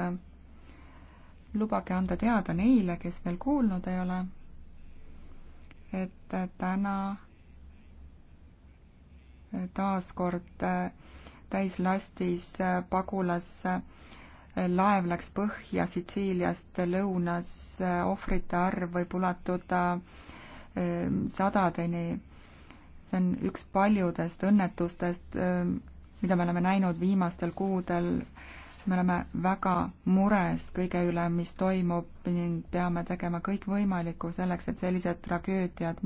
Äh, lubage anda teada neile, kes veel kuulnud ei ole, et äh, täna äh, taaskord täislastis pagulaslaev läks põhja Sitsiiliast lõunas, ohvrite arv võib ulatuda sadadeni. see on üks paljudest õnnetustest, mida me oleme näinud viimastel kuudel me oleme väga mures kõige üle, mis toimub ning peame tegema kõik võimalikku selleks, et sellised tragöödiad